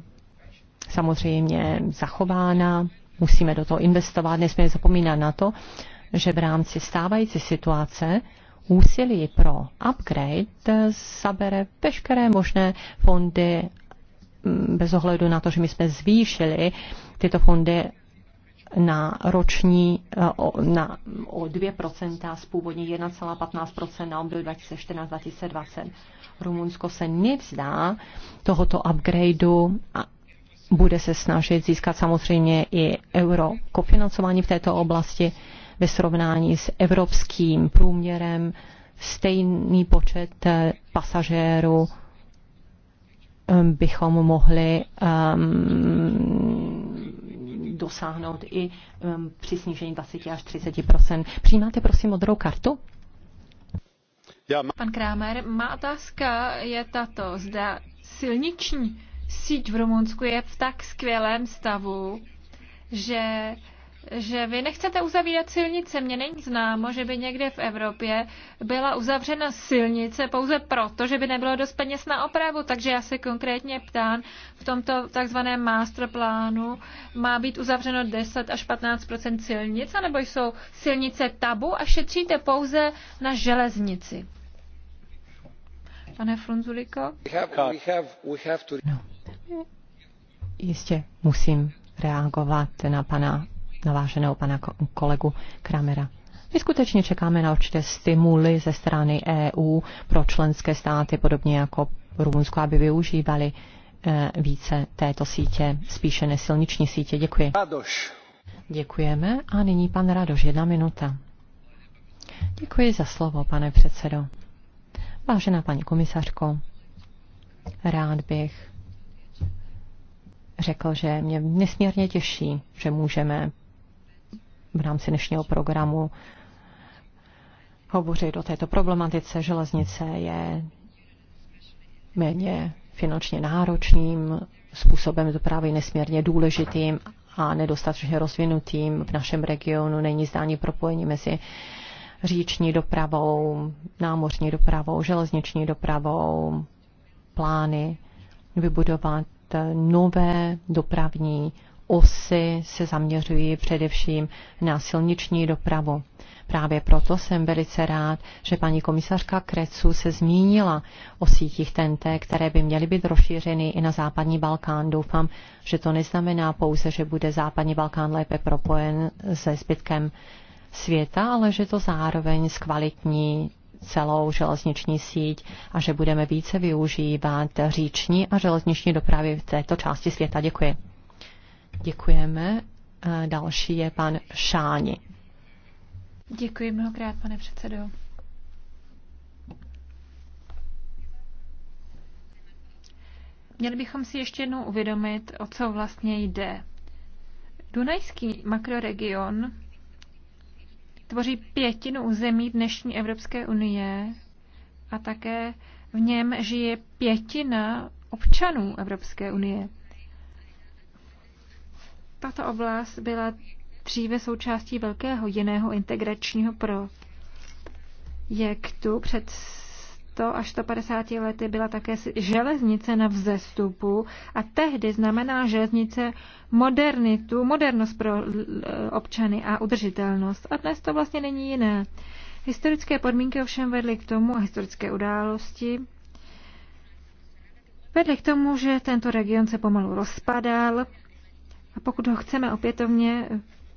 samozřejmě zachována, musíme do toho investovat, nesmíme zapomínat na to, že v rámci stávající situace úsilí pro upgrade eh, zabere veškeré možné fondy mm, bez ohledu na to, že my jsme zvýšili tyto fondy na roční eh, o, na, o 2% z původních 1,15% na období 2014-2020. Rumunsko se nevzdá tohoto upgradeu a bude se snažit získat samozřejmě i euro kofinancování v této oblasti ve srovnání s evropským průměrem stejný počet eh, pasažérů ehm, bychom mohli um, dosáhnout i um, při snížení 20 až 30 Přijímáte prosím modrou kartu? Pan Krámer, má otázka je tato. Zda silniční síť v Rumunsku je v tak skvělém stavu, že že vy nechcete uzavírat silnice. Mně není známo, že by někde v Evropě byla uzavřena silnice pouze proto, že by nebylo dost peněz na opravu. Takže já se konkrétně ptám, v tomto takzvaném masterplánu má být uzavřeno 10 až 15 silnic, nebo jsou silnice tabu a šetříte pouze na železnici? Pane Frunzuliko? No. Jistě musím reagovat na pana naváženého pana kolegu Kramera. My skutečně čekáme na určité stimuly ze strany EU pro členské státy, podobně jako Rumunsko, aby využívali eh, více této sítě, spíše nesilniční sítě. Děkuji. Radoš. Děkujeme a nyní pan Radoš, jedna minuta. Děkuji za slovo, pane předsedo. Vážená paní komisařko, rád bych řekl, že mě nesmírně těší, že můžeme v rámci dnešního programu hovořit o této problematice. Železnice je méně finančně náročným způsobem dopravy nesmírně důležitým a nedostatečně rozvinutým v našem regionu. Není zdání propojení mezi říční dopravou, námořní dopravou, železniční dopravou, plány vybudovat nové dopravní osy se zaměřují především na silniční dopravu. Právě proto jsem velice rád, že paní komisařka Krecu se zmínila o sítích TNT, které by měly být rozšířeny i na západní Balkán. Doufám, že to neznamená pouze, že bude západní Balkán lépe propojen se zbytkem světa, ale že to zároveň zkvalitní celou železniční síť a že budeme více využívat říční a železniční dopravy v této části světa. Děkuji. Děkujeme. Další je pan Šáni. Děkuji mnohokrát, pane předsedo. Měli bychom si ještě jednou uvědomit, o co vlastně jde. Dunajský makroregion tvoří pětinu území dnešní Evropské unie a také v něm žije pětina občanů Evropské unie. Tato oblast byla dříve součástí velkého jiného integračního projektu. Před 100 až 150 lety byla také železnice na vzestupu a tehdy znamená železnice modernitu, modernost pro občany a udržitelnost. A dnes to vlastně není jiné. Historické podmínky ovšem vedly k tomu, a historické události, vedly k tomu, že tento region se pomalu rozpadal, a pokud ho chceme opětovně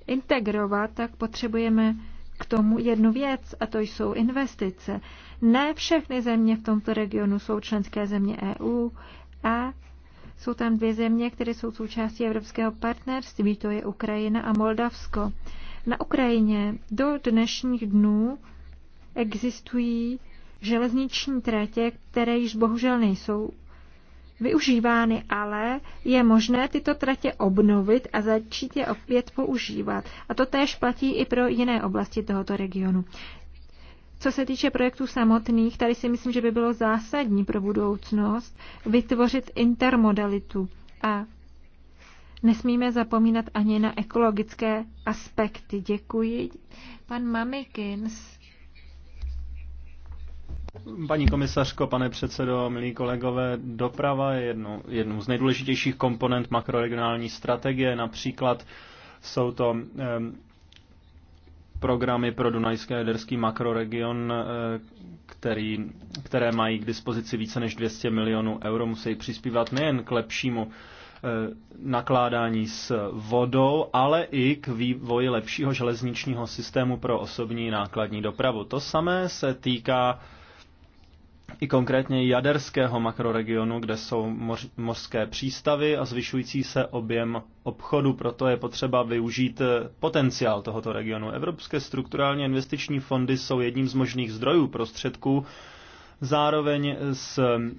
integrovat, tak potřebujeme k tomu jednu věc, a to jsou investice. Ne všechny země v tomto regionu jsou členské země EU a jsou tam dvě země, které jsou součástí evropského partnerství, to je Ukrajina a Moldavsko. Na Ukrajině do dnešních dnů existují železniční tratě, které již bohužel nejsou využívány, ale je možné tyto tratě obnovit a začít je opět používat. A to též platí i pro jiné oblasti tohoto regionu. Co se týče projektů samotných, tady si myslím, že by bylo zásadní pro budoucnost vytvořit intermodalitu a Nesmíme zapomínat ani na ekologické aspekty. Děkuji. Pan Mamikins Paní komisařko, pane předsedo, milí kolegové, doprava je jednou, jednou z nejdůležitějších komponent makroregionální strategie. Například jsou to programy pro Dunajský a Jaderský makroregion, eh, který, které mají k dispozici více než 200 milionů euro, musí přispívat nejen k lepšímu eh, nakládání s vodou, ale i k vývoji lepšího železničního systému pro osobní nákladní dopravu. To samé se týká i konkrétně jaderského makroregionu, kde jsou moř, mořské přístavy a zvyšující se objem obchodu. Proto je potřeba využít eh, potenciál tohoto regionu. Evropské strukturálně investiční fondy jsou jedním z možných zdrojů prostředků, zároveň s eh,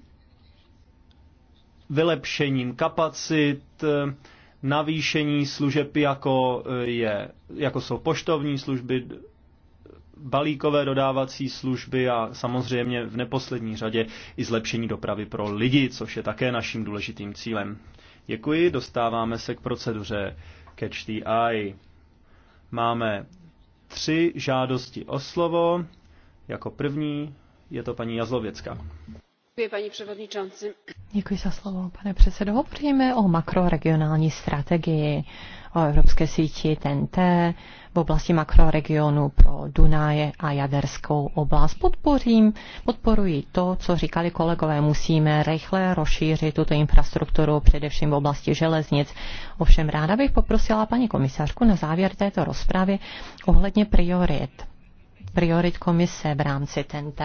vylepšením kapacit, eh, navýšení služeb, jako, je, jako jsou poštovní služby, balíkové dodávací služby a samozřejmě v neposlední řadě i zlepšení dopravy pro lidi, což je také naším důležitým cílem. Děkuji, dostáváme se k proceduře Catch the Eye. Máme tři žádosti o slovo. Jako první je to paní Jazlověcka. Děkuji za slovo, pane předsedo. Hovoříme o makroregionální strategii, o evropské síti TNT v oblasti makroregionu pro Dunaje a Jaderskou oblast. Podpořím, podporuji to, co říkali kolegové. Musíme rychle rozšířit tuto infrastrukturu, především v oblasti železnic. Ovšem ráda bych poprosila paní komisařku na závěr této rozpravy ohledně priorit priorit komise v rámci TNT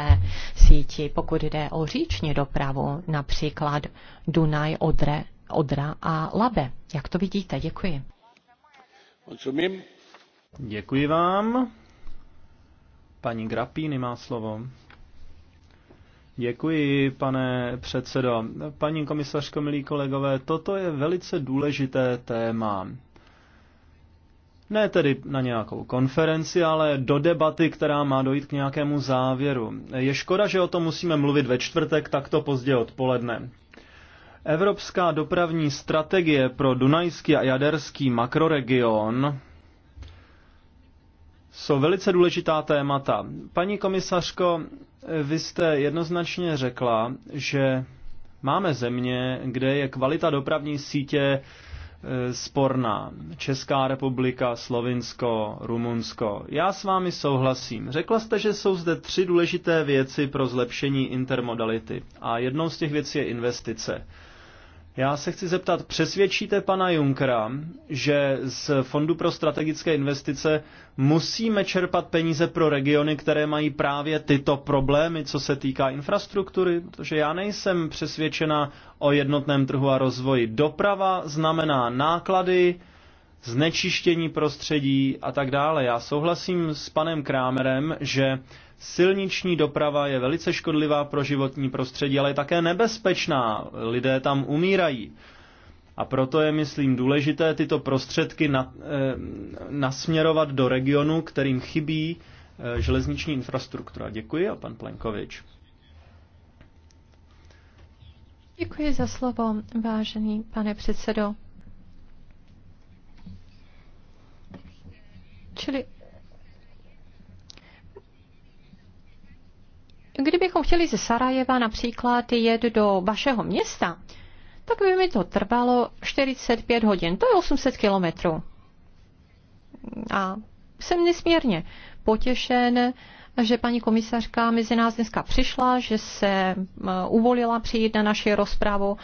síti, pokud jde o říční dopravu, například Dunaj, Odre, Odra a Labe. Jak to vidíte? Děkuji. Děkuji vám. Paní Grapíny má slovo. Děkuji, pane předsedo. Paní komisařko, milí kolegové, toto je velice důležité téma. Ne tedy na nějakou konferenci, ale do debaty, která má dojít k nějakému závěru. Je škoda, že o tom musíme mluvit ve čtvrtek, takto pozdě odpoledne. Evropská dopravní strategie pro Dunajský a Jaderský makroregion jsou velice důležitá témata. Paní komisařko, vy jste jednoznačně řekla, že máme země, kde je kvalita dopravní sítě Eh, sporná. Česká republika, Slovinsko, Rumunsko. Já s vámi souhlasím. Řekla jste, že jsou zde tři důležité věci pro zlepšení intermodality. A jednou z těch věcí je investice. Já se chci zeptat, přesvědčíte pana Junkera, že z Fondu pro strategické investice musíme čerpat peníze pro regiony, které mají právě tyto problémy, co se týká infrastruktury? Protože já nejsem přesvědčena o jednotném trhu a rozvoji. Doprava znamená náklady, znečištění prostředí a tak dále. Já souhlasím s panem Krámerem, že silniční doprava je velice škodlivá pro životní prostředí, ale je také nebezpečná. Lidé tam umírají. A proto je, myslím, důležité tyto prostředky na, e, nasměrovat do regionu, kterým chybí e, železniční infrastruktura. Děkuji a pan Plenkovič. Děkuji za slovo, vážený pane předsedo. Čili kdybychom chtěli ze Sarajeva například jet do vašeho města, tak by mi to trvalo 45 hodin, to je 800 kilometrů. A jsem nesmírně potěšen, že paní komisařka mezi nás dneska přišla, že se eh, uvolila přijít na naši rozpravu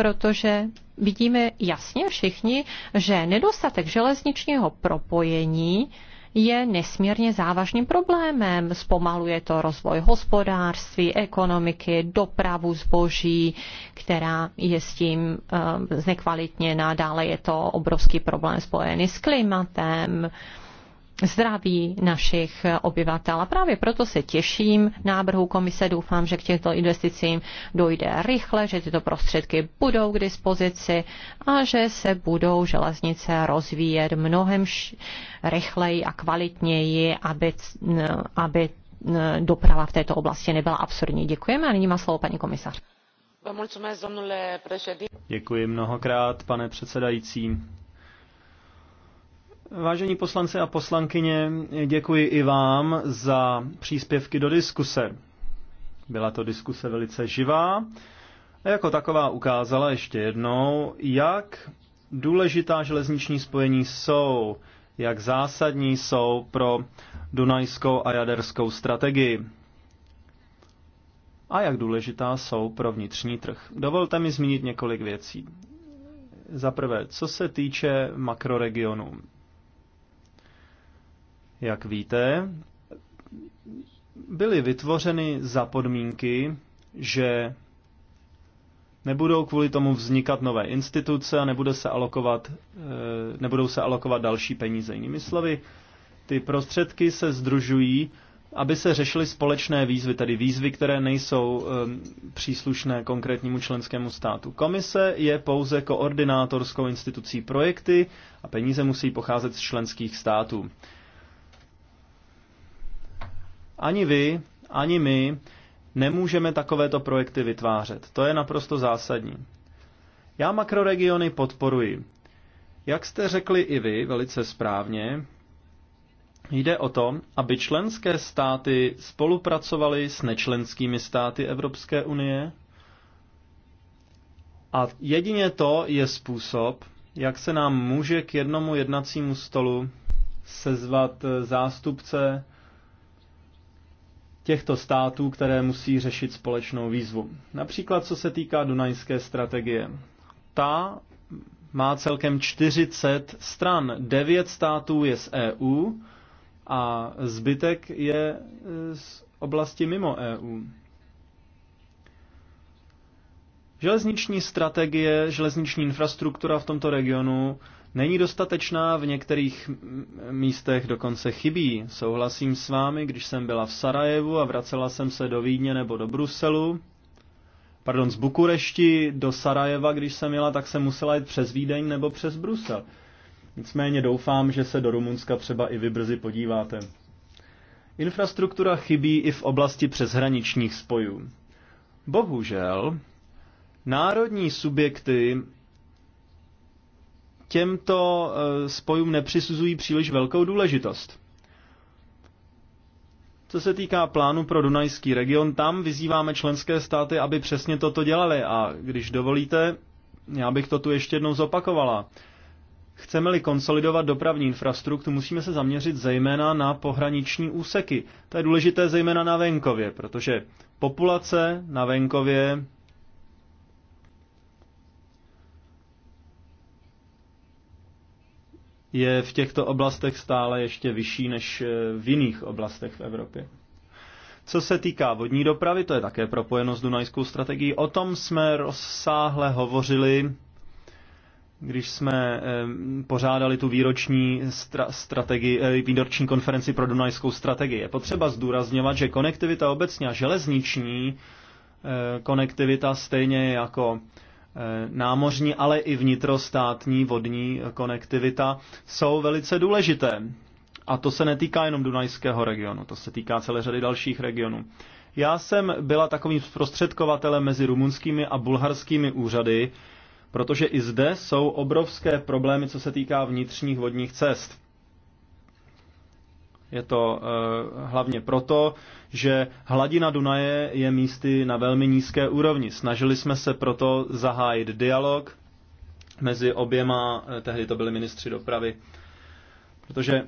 protože vidíme jasně všichni, že nedostatek železničního propojení je nesmírně závažným problémem. Zpomaluje to rozvoj hospodářství, ekonomiky, dopravu zboží, která je s tím eh, znekvalitněna. Dále je to obrovský problém spojený s klimatem, zdraví našich obyvatel. A právě proto se těším návrhu komise. Doufám, že k těmto investicím dojde rychle, že tyto prostředky budou k dispozici a že se budou železnice rozvíjet mnohem rychleji a kvalitněji, aby, aby doprava v této oblasti nebyla absurdní. Děkujeme a nyní má slovo paní komisař. Děkuji mnohokrát, pane předsedající Vážení poslanci a poslankyně, děkuji i vám za příspěvky do diskuse. Byla to diskuse velice živá a jako taková ukázala ještě jednou, jak důležitá železniční spojení jsou, jak zásadní jsou pro dunajskou a jaderskou strategii a jak důležitá jsou pro vnitřní trh. Dovolte mi zmínit několik věcí. Za prvé, co se týče makroregionu. Jak víte, byly vytvořeny za podmínky, že nebudou kvůli tomu vznikat nové instituce a nebude se alokovat, eh, nebudou se alokovat další peníze. Jinými slovy, ty prostředky se združují, aby se řešily společné výzvy, tedy výzvy, které nejsou eh, příslušné konkrétnímu členskému státu. Komise je pouze koordinátorskou institucí projekty a peníze musí pocházet z členských států. Ani vy, ani my nemůžeme takovéto projekty vytvářet. To je naprosto zásadní. Já makroregiony podporuji. Jak jste řekli i vy velice správně, jde o to, aby členské státy spolupracovaly s nečlenskými státy Evropské unie a jedině to je způsob, jak se nám může k jednomu jednacímu stolu sezvat eh, zástupce těchto států, které musí řešit společnou výzvu. Například co se týká Dunajské strategie. Ta má celkem 40 stran. Devět států je z EU a zbytek je e, z oblasti mimo EU. Železniční strategie, železniční infrastruktura v tomto regionu není dostatečná, v některých místech dokonce chybí. Souhlasím s vámi, když jsem byla v Sarajevu a vracela jsem se do Vídně nebo do Bruselu, pardon, z Bukurešti do Sarajeva, když jsem jela, tak jsem musela jít přes Vídeň nebo přes Brusel. Nicméně doufám, že se do Rumunska třeba i vy brzy podíváte. Infrastruktura chybí i v oblasti přeshraničních spojů. Bohužel, národní subjekty těmto eh, spojům nepřisuzují příliš velkou důležitost. Co se týká plánu pro Dunajský region, tam vyzýváme členské státy, aby přesně toto dělali. A když dovolíte, já bych to tu ještě jednou zopakovala. Chceme-li konsolidovat dopravní infrastrukturu, musíme se zaměřit zejména na pohraniční úseky. To je důležité zejména na venkově, protože populace na venkově je v těchto oblastech stále ještě vyšší než eh, v jiných oblastech v Evropě. Co se týká vodní dopravy, to je také propojeno s Dunajskou strategií. O tom jsme rozsáhle hovořili, když jsme eh, pořádali tu výroční strategii, eh, výroční konferenci pro Dunajskou strategii. Je potřeba zdůrazňovat, že konektivita obecně a železniční konektivita stejně jako Eh, námořní, ale i vnitrostátní vodní konektivita jsou velice důležité. A to se netýká jenom Dunajského regionu, to se týká celé řady dalších regionů. Já jsem byla takovým zprostředkovatelem mezi rumunskými a bulharskými úřady, protože i zde jsou obrovské problémy, co se týká vnitřních vodních cest. Je to eh, hlavně proto, že hladina Dunaje je místy na velmi nízké úrovni. Snažili jsme se proto zahájit dialog mezi oběma, eh, tehdy to byli ministři dopravy, protože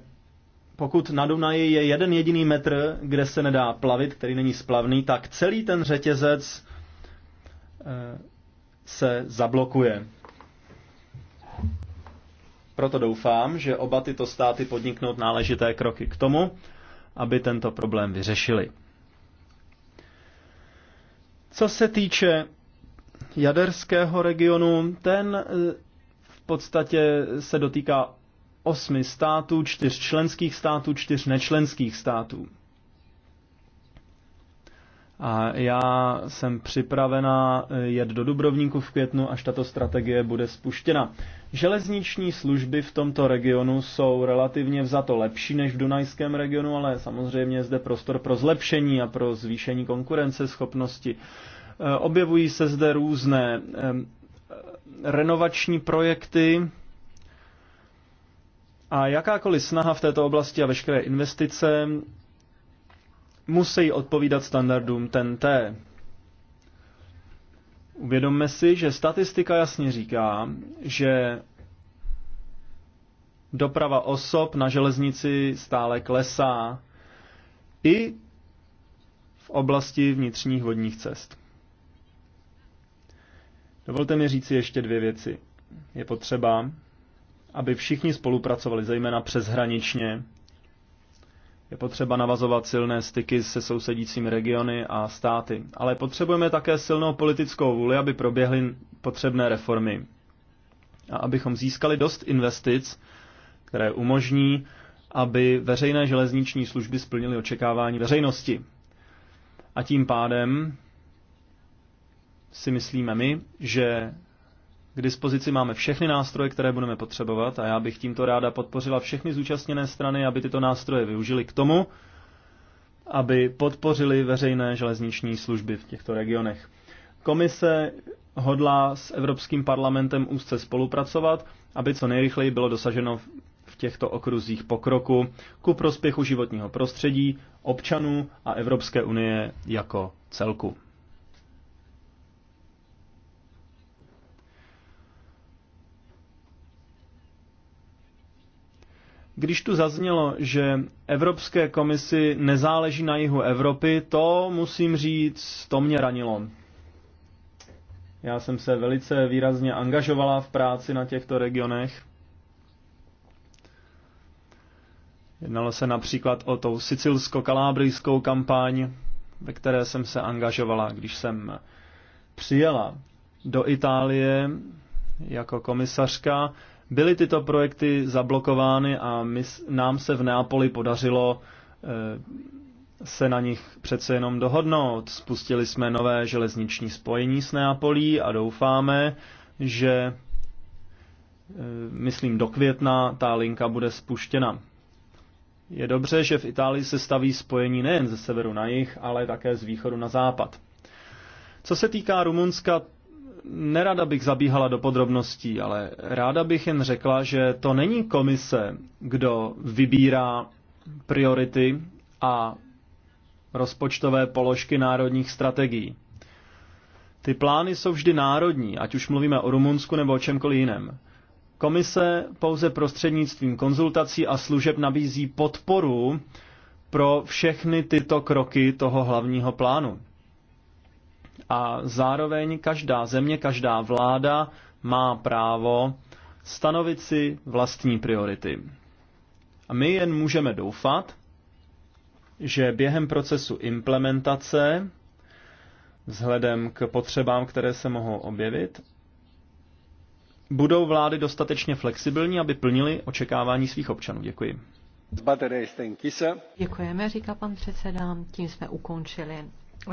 pokud na Dunaji je jeden jediný metr, kde se nedá plavit, který není splavný, tak celý ten řetězec eh, se zablokuje. Proto doufám, že oba tyto státy podniknou náležité kroky k tomu, aby tento problém vyřešili. Co se týče jaderského regionu, ten eh, v podstatě se dotýká osmi států, čtyř členských států, čtyř nečlenských států. A já jsem připravena eh, jet do Dubrovníku v květnu, až tato strategie bude spuštěna. Železniční služby v tomto regionu jsou relativně vzato lepší než v Dunajském regionu, ale samozřejmě je zde prostor pro zlepšení a pro zvýšení konkurenceschopnosti. Eh, objevují se zde různé eh, renovační projekty, a jakákoliv snaha v této oblasti a veškeré investice musí odpovídat standardům TNT. Uvědomme si, že statistika jasně říká, že doprava osob na železnici stále klesá i v oblasti vnitřních vodních cest. Dovolte mi říci ještě dvě věci. Je potřeba, aby všichni spolupracovali, zejména přeshraničně, je potřeba navazovat silné styky se sousedícími regiony a státy. Ale potřebujeme také silnou politickou vůli, aby proběhly potřebné reformy. A abychom získali dost investic, které umožní, aby veřejné železniční služby splnily očekávání veřejnosti. A tím pádem si myslíme my, že k dispozici máme všechny nástroje, které budeme potřebovat a já bych tímto ráda podpořila všechny zúčastněné strany, aby tyto nástroje využili k tomu, aby podpořili veřejné železniční služby v těchto regionech. Komise hodlá s Evropským parlamentem úzce spolupracovat, aby co nejrychleji bylo dosaženo v těchto okruzích pokroku ku prospěchu životního prostředí, občanů a Evropské unie jako celku. Když tu zaznělo, že Evropské komisi nezáleží na jihu Evropy, to musím říct, to mě ranilo. Já jsem se velice výrazně angažovala v práci na těchto regionech. Jednalo se například o tou sicilsko-kalábrijskou kampaň, ve které jsem se angažovala, když jsem přijela do Itálie jako komisařka Byly tyto projekty zablokovány a my, nám se v Neapoli podařilo eh, se na nich přece jenom dohodnout. Spustili jsme nové železniční spojení s Neapolí a doufáme, že eh, myslím do května ta linka bude spuštěna. Je dobře, že v Itálii se staví spojení nejen ze severu na jih, ale také z východu na západ. Co se týká Rumunska, nerada bych zabíhala do podrobností, ale ráda bych jen řekla, že to není komise, kdo vybírá priority a rozpočtové položky národních strategií. Ty plány jsou vždy národní, ať už mluvíme o Rumunsku nebo o čemkoliv jiném. Komise pouze prostřednictvím konzultací a služeb nabízí podporu pro všechny tyto kroky toho hlavního plánu. A zároveň každá země, každá vláda má právo stanovit si vlastní priority. A my jen můžeme doufat, že během procesu implementace, vzhledem k potřebám, které se mohou objevit, budou vlády dostatečně flexibilní, aby plnili očekávání svých občanů. Děkuji. Děkujeme, říká pan předseda. Tím jsme ukončili